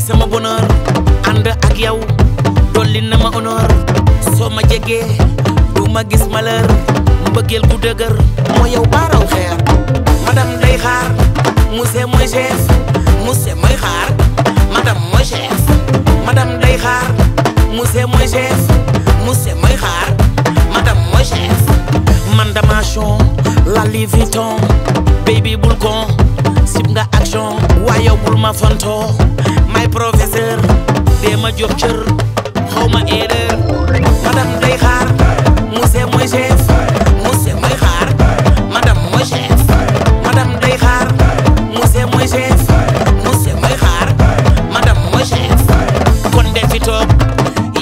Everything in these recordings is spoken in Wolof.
yaay sama bonheur ànd ak yow dolli na ma honneur soo ma jegee du ma gis malheur mbëggeel gu dëgër moo yow baaraw xeer madame day xaar monsieur mooy chef monsieur mooy xaar madame mooy chef madame day xaar monsieur mooy chef monsieur mooy xaar madame mooy chef man dama chon la Louis Vuitton baby bul bul ma fantoo professeur dee ma jox cër xaw day xaar monsieur mooy chef monsieur xaar madame mooy chef day xaar monsieur mooy chef monsieur xaar madame mooy chef fi toog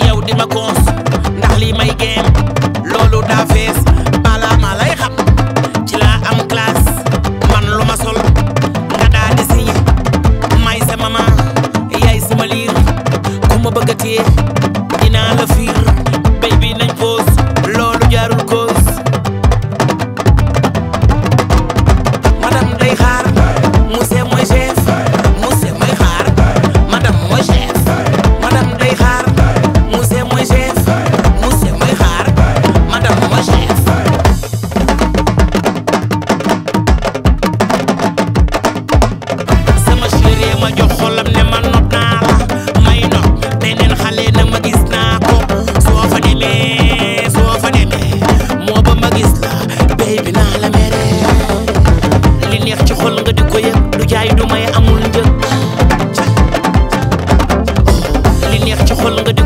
yow di ma ma bëgg a téye சொல்லுங்க